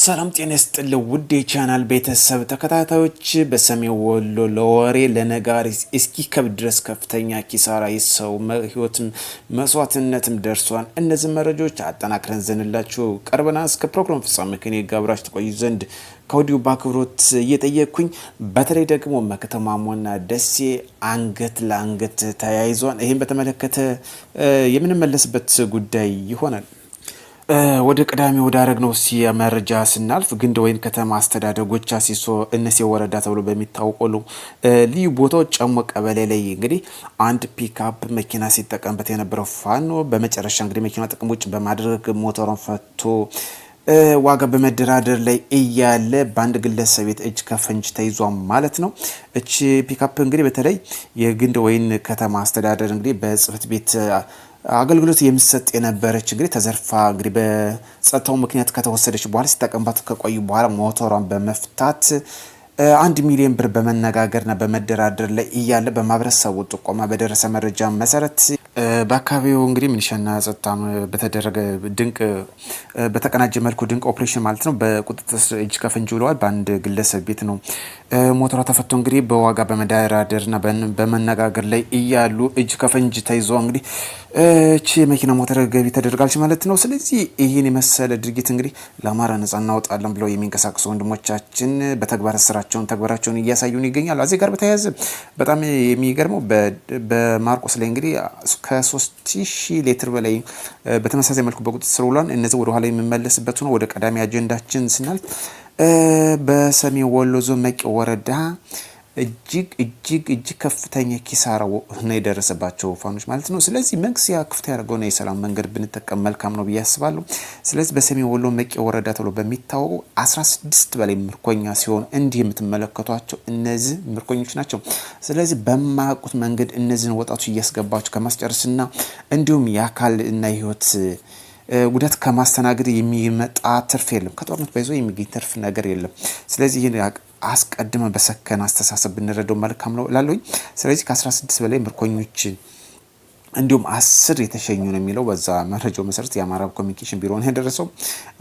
ሰላም ጤና ይስጥልኝ ውድ የቻናል ቤተሰብ ተከታታዮች፣ በሰሜን ወሎ ለወሬ ለነጋሪ እስኪ ከብድ ድረስ ከፍተኛ ኪሳራ የሰው ሕይወት መስዋዕትነትም ደርሷል። እነዚህ መረጃዎች አጠናክረን ዘንላችሁ ቀርበና እስከ ፕሮግራም ፍጻሜ ከኔ ጋር አብራችሁ ተቆዩ ዘንድ ከወዲሁ በአክብሮት እየጠየቅኩኝ በተለይ ደግሞ መከተማሞና ደሴ አንገት ለአንገት ተያይዟል። ይህም በተመለከተ የምንመለስበት ጉዳይ ይሆናል። ወደ ቅዳሜ ሲ መረጃ ስናልፍ ወይን ከተማ አስተዳደር ጎቻ ሲሶ እነሴ ወረዳ ተብሎ በሚታወቀሉ ልዩ ቦታው ጨሞ ቀበሌ ላይ እንግዲህ አንድ ፒክአፕ መኪና ሲጠቀምበት የነበረው ፋኖ በመጨረሻ እንግዲህ መኪና ጥቅም ውጭ በማድረግ ሞተሩን ፈቶ ዋጋ በመደራደር ላይ እያለ በአንድ ግለሰብ ቤት እጅ ከፈንጅ ተይዟል ማለት ነው። እች ፒክአፕ እንግዲህ በተለይ ወይን ከተማ አስተዳደር እንግዲህ በጽህፈት ቤት አገልግሎት የሚሰጥ የነበረች እንግዲህ ተዘርፋ እንግዲህ በጸጥታው ምክንያት ከተወሰደች በኋላ ሲጠቀምባት ከቆዩ በኋላ ሞተሯን በመፍታት አንድ ሚሊዮን ብር በመነጋገርና በመደራደር ላይ እያለ በማህበረሰቡ ጥቆማ በደረሰ መረጃ መሰረት በአካባቢው እንግዲህ ሚሊሻና ጸጥታ በተደረገ ድንቅ በተቀናጀ መልኩ ድንቅ ኦፕሬሽን ማለት ነው በቁጥጥር ስር እጅ ከፍንጅ ውለዋል። በአንድ ግለሰብ ቤት ነው ሞተሯ ተፈቶ እንግዲህ በዋጋ በመደራደርና በመነጋገር ላይ እያሉ እጅ ከፍንጅ ተይዞ እንግዲህ እቺ የመኪና ሞተር ገቢ ተደርጋለች ማለት ነው። ስለዚህ ይህን የመሰለ ድርጊት እንግዲህ ለአማራ ነጻ እናወጣለን ብለው የሚንቀሳቀሱ ወንድሞቻችን በተግባር ስራቸውን ተግባራቸውን እያሳዩን ይገኛሉ። እዚህ ጋር በተያያዘ በጣም የሚገርመው በማርቆስ ላይ እንግዲህ ከ3000 ሊትር በላይ በተመሳሳይ መልኩ በቁጥጥር ስር ውሏል። እነዚህ ወደ ኋላ የምመለስበት ነው። ወደ ቀዳሚ አጀንዳችን ስናልፍ በሰሜን ወሎ ዞን መቂ ወረዳ እጅግ እጅግ እጅግ ከፍተኛ ኪሳራ ነው የደረሰባቸው ፋኖች ማለት ነው። ስለዚህ መንግስት ያ ክፍት ያደርገውና የሰላም መንገድ ብንጠቀም መልካም ነው ብዬ አስባለሁ። ስለዚህ በሰሜን ወሎ መቄ ወረዳ ተብሎ በሚታወቁ 16 በላይ ምርኮኛ ሲሆኑ እንዲህ የምትመለከቷቸው እነዚህ ምርኮኞች ናቸው። ስለዚህ በማያውቁት መንገድ እነዚህን ወጣቶች እያስገባቸው ከማስጨረስና እንዲሁም የአካል እና የህይወት ጉዳት ከማስተናገድ የሚመጣ ትርፍ የለም። ከጦርነት በይዞ የሚገኝ ትርፍ ነገር የለም። ስለዚህ አስቀድመን በሰከን አስተሳሰብ ብንረዳው መልካም ነው እላለሁኝ። ስለዚህ ከ16 በላይ ምርኮኞች እንዲሁም አስር የተሸኙ ነው የሚለው በዛ መረጃው መሰረት የአማራ ኮሚኒኬሽን ቢሮ ነው የደረሰው።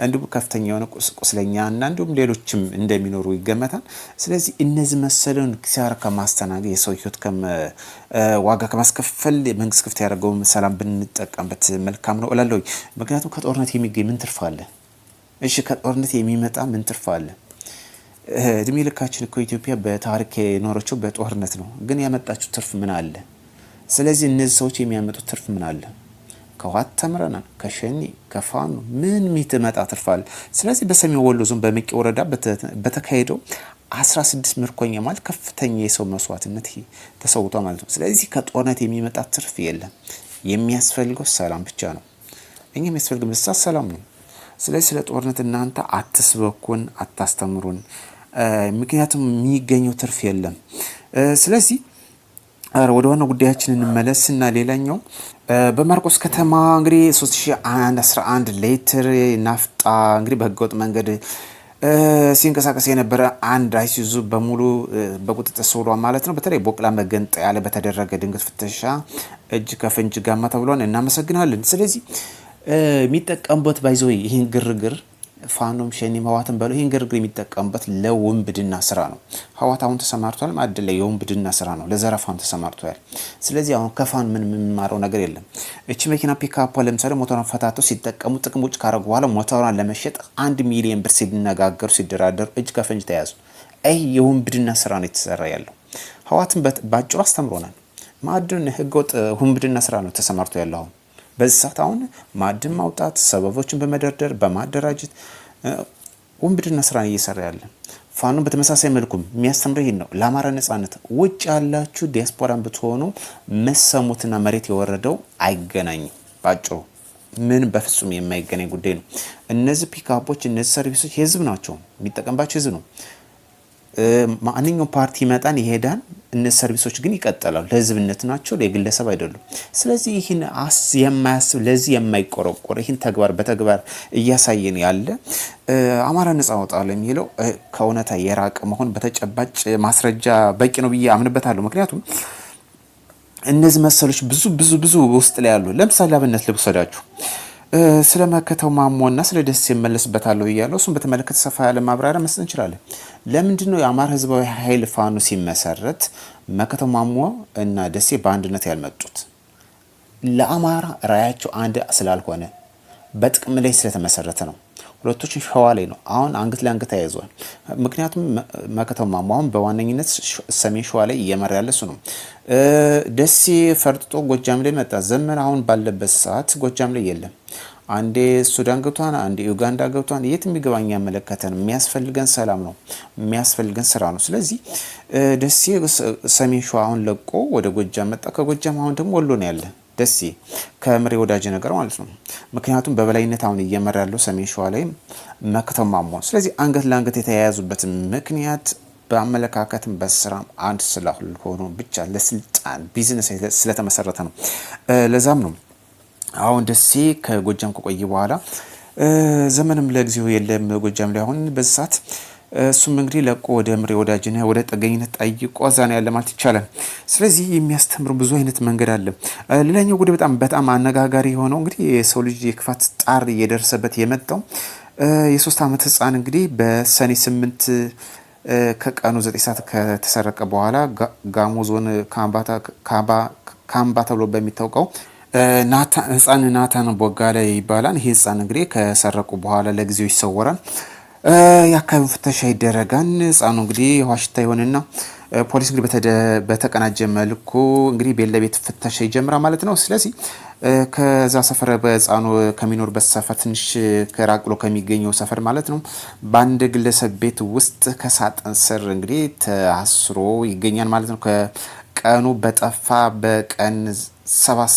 እንዲሁም ከፍተኛ የሆነ ቁስለኛ እና እንዲሁም ሌሎችም እንደሚኖሩ ይገመታል። ስለዚህ እነዚህ መሰለን ኪሳራ ከማስተናገድ የሰው ሕይወት ዋጋ ከማስከፈል መንግስት ክፍት ያደረገው ሰላም ብንጠቀምበት መልካም ነው እላለሁ። ምክንያቱም ከጦርነት የሚገኝ ምን ትርፍ አለ? እሺ ከጦርነት የሚመጣ ምን ትርፍ አለ? እድሜ ልካችን እኮ ኢትዮጵያ በታሪክ የኖረችው በጦርነት ነው። ግን ያመጣችው ትርፍ ምን አለ? ስለዚህ እነዚህ ሰዎች የሚያመጡት ትርፍ ምን አለ? ከዋት ተምረናል፣ ከሸኒ ከፋኑ ምን ሚትመጣ ትርፍ አለ? ስለዚህ በሰሜን ወሎ ዞን በመቂ ወረዳ በተካሄደው 16 ምርኮኛ ማለት ከፍተኛ የሰው መስዋዕትነት ተሰውቷ ማለት ነው። ስለዚህ ከጦርነት የሚመጣ ትርፍ የለም። የሚያስፈልገው ሰላም ብቻ ነው። እኛ የሚያስፈልግ ሰላም ነው። ስለዚህ ስለ ጦርነት እናንተ አትስበኩን፣ አታስተምሩን። ምክንያቱም የሚገኘው ትርፍ የለም። ስለዚህ ወደ ዋና ጉዳያችን እንመለስ እና ሌላኛው በማርቆስ ከተማ እንግዲህ 3111 ሌትር ናፍጣ እንግዲህ በህገወጥ መንገድ ሲንቀሳቀስ የነበረ አንድ አይሱዙ በሙሉ በቁጥጥር ስር ውሏል ማለት ነው። በተለይ ቦቅላ መገንጠ ያለ በተደረገ ድንገት ፍተሻ እጅ ከፍንጅ ጋማ ተብሏል። እናመሰግናለን። ስለዚህ የሚጠቀሙበት ባይዘ ይህን ግርግር ፋኖም ሸኔም ህዋትን በለው ይህን ግርግር የሚጠቀሙበት ለውንብድና ስራ ነው። ህዋት አሁን ተሰማርቷል ማዕድን ላይ የውንብድና ስራ ነው፣ ለዘረፋን ተሰማርቷል። ስለዚህ አሁን ከፋን ምን የምንማረው ነገር የለም። እቺ መኪና ፒካፖ ለምሳሌ ሞተሯን ፈታተው ሲጠቀሙ ጥቅም ውጭ ካረጉ በኋላ ሞተሯን ለመሸጥ አንድ ሚሊዮን ብር ሲነጋገሩ ሲደራደሩ እጅ ከፍንጅ ተያዙ። አይ የውንብድና ስራ ነው የተሰራ ያለው። ህዋትን በአጭሩ አስተምሮናል። ማዕድን ህገወጥ ውንብድና ስራ ነው ተሰማርቶ ያለው አሁን በዚህ ሰዓት አሁን ማዕድን ማውጣት፣ ሰበቦችን በመደርደር በማደራጀት ውንብድና ስራን እየሰራ ያለ ፋኖ በተመሳሳይ መልኩም የሚያስተምረ ይህን ነው። ለአማራ ነጻነት ውጭ ያላችሁ ዲያስፖራን ብትሆኑ መሰሙትና መሬት የወረደው አይገናኝም። ባጭሩ ምን በፍጹም የማይገናኝ ጉዳይ ነው። እነዚህ ፒክአፖች፣ እነዚህ ሰርቪሶች የህዝብ ናቸው። የሚጠቀምባቸው ህዝብ ነው። ማንኛውም ፓርቲ ይመጣን ይሄዳን። እነዚህ ሰርቪሶች ግን ይቀጥላሉ። ለህዝብነት ናቸው፣ ለግለሰብ አይደሉም። ስለዚህ ይህን የማያስብ ለዚህ የማይቆረቆር ይህን ተግባር በተግባር እያሳየን ያለ አማራ ነጻ አወጣለሁ የሚለው ከእውነታ የራቀ መሆን በተጨባጭ ማስረጃ በቂ ነው ብዬ አምንበታለሁ። ምክንያቱም እነዚህ መሰሎች ብዙ ብዙ ብዙ ውስጥ ላይ ያሉ ለምሳሌ አብነት ልውሰዳችሁ ስለ መከተው ማሞና ስለ ደሴ እመለስበታለሁ እያለው እሱን በተመለከተ ሰፋ ያለ ማብራሪያ መስጠት እንችላለን። ለምንድን ነው የአማራ ህዝባዊ ኃይል ፋኖ ሲመሰረት መከተው ማሞ እና ደሴ በአንድነት ያልመጡት? ለአማራ ራያቸው አንድ ስላልሆነ በጥቅም ላይ ስለተመሰረተ ነው። ሁለቶችን ሸዋ ላይ ነው። አሁን አንገት ለአንገት ተያይዟል። ምክንያቱም መከተማ አሁን በዋነኝነት ሰሜን ሸዋ ላይ እየመራ ያለ እሱ ነው። ደሴ ፈርጥጦ ጎጃም ላይ መጣ። ዘመን አሁን ባለበት ሰዓት ጎጃም ላይ የለም። አንዴ ሱዳን ገብቷን፣ አንዴ ዩጋንዳ ገብቷን። የት የሚገባ የሚገባኝ ያመለከተን የሚያስፈልገን ሰላም ነው፣ የሚያስፈልገን ስራ ነው። ስለዚህ ደሴ ሰሜን ሸዋ አሁን ለቆ ወደ ጎጃም መጣ። ከጎጃም አሁን ደግሞ ወሎ ነው ያለ ደሴ ከምሬ ወዳጅ ነገር ማለት ነው። ምክንያቱም በበላይነት አሁን እየመራ ያለው ሰሜን ሸዋ ላይ መክተው ማሞን። ስለዚህ አንገት ለአንገት የተያያዙበት ምክንያት በአመለካከትም በስራም አንድ ስለሆኑ ብቻ ለስልጣን ቢዝነስ ስለተመሰረተ ነው። ለዛም ነው አሁን ደሴ ከጎጃም ከቆየ በኋላ ዘመንም ለጊዜው የለም። ጎጃም ላይ አሁን በዚህ ሰዓት እሱም እንግዲህ ለቆ ወደ ምሬ ወዳጅነ ወደ ጥገኝነት ጠይቆ እዛ ነው ያለ ማለት ይቻላል። ስለዚህ የሚያስተምሩ ብዙ አይነት መንገድ አለ። ሌላኛው ጉዳይ በጣም በጣም አነጋጋሪ የሆነው እንግዲህ የሰው ልጅ የክፋት ጣር እየደረሰበት የመጣው የሶስት ዓመት ህፃን እንግዲህ በሰኔ ስምንት ከቀኑ ዘጠኝ ሰዓት ከተሰረቀ በኋላ ጋሞ ዞን ካምባ ተብሎ በሚታወቀው ህፃን ናታን ቦጋላ ይባላል። ይህ ህፃን እንግዲህ ከሰረቁ በኋላ ለጊዜው ይሰወራል። የአካባቢው ፍተሻ ይደረጋል። ህፃኑ እንግዲህ ዋሽታ ይሆንና ፖሊስ እንግዲህ በተቀናጀ መልኩ እንግዲህ ቤት ለቤት ፍተሻ ይጀምራል ማለት ነው። ስለዚህ ከዛ ሰፈር በህፃኑ ከሚኖርበት ሰፈር ትንሽ ከራቅሎ ከሚገኘው ሰፈር ማለት ነው በአንድ ግለሰብ ቤት ውስጥ ከሳጥን ስር እንግዲህ ተአስሮ ይገኛል ማለት ነው። ከቀኑ በጠፋ በቀን ሰባት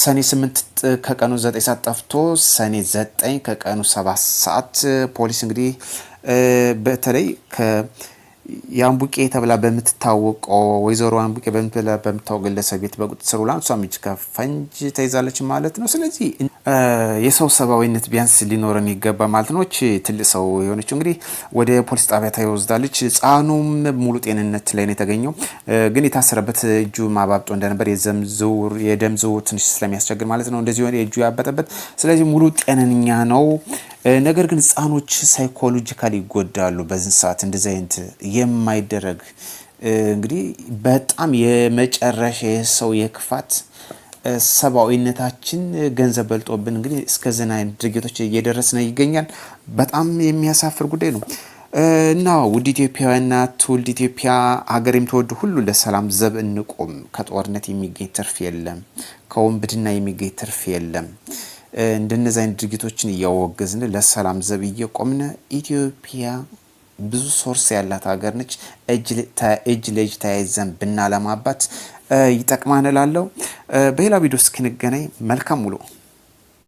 ሰኔ 8 ከቀኑ 9 ሰዓት ጠፍቶ ሰኔ 9 ከቀኑ 7 ሰዓት ፖሊስ እንግዲህ በተለይ የአንቡቄ ተብላ በምትታወቀው ወይዘሮ አንቡቄ በምትብላ በምታወቅ ግለሰብ ቤት በቁጥጥር ስር ውላ እሷም እጅ ከፈንጅ ተይዛለች ማለት ነው። ስለዚህ የሰው ሰብአዊነት ቢያንስ ሊኖረን ይገባ ማለት ነው። ትልቅ ሰው የሆነችው እንግዲህ ወደ ፖሊስ ጣቢያ ተወስዳለች። ሕፃኑም ሙሉ ጤንነት ላይ ነው የተገኘው። ግን የታሰረበት እጁ ማባብጦ እንደነበር የደም ዝውውር ትንሽ ስለሚያስቸግር ማለት ነው እንደዚህ ሆነ የእጁ ያበጠበት። ስለዚህ ሙሉ ጤነኛ ነው። ነገር ግን ህፃኖች ሳይኮሎጂካል ይጎዳሉ በዚህ ሰዓት እንደዚህ አይነት የማይደረግ እንግዲህ በጣም የመጨረሻ የሰው የክፋት ሰብአዊነታችን ገንዘብ በልጦብን እንግዲህ እስከ ዘና ድርጊቶች እየደረስነ ይገኛል። በጣም የሚያሳፍር ጉዳይ ነው እና ውድ ኢትዮጵያውያንና ትውልድ ኢትዮጵያ ሀገር የምትወዱ ሁሉ ለሰላም ዘብ እንቆም። ከጦርነት የሚገኝ ትርፍ የለም። ከወንብድና የሚገኝ ትርፍ የለም። እንደነዚህ አይነት ድርጊቶችን እያወገዝን ለሰላም ዘብ እየቆምነ ኢትዮጵያ ብዙ ሶርስ ያላት ሀገር ነች። እጅ ለእጅ ተያይዘን ብናለማባት ይጠቅማን እላለሁ። በሌላ ቪዲዮ እስክንገናኝ መልካም ውሎ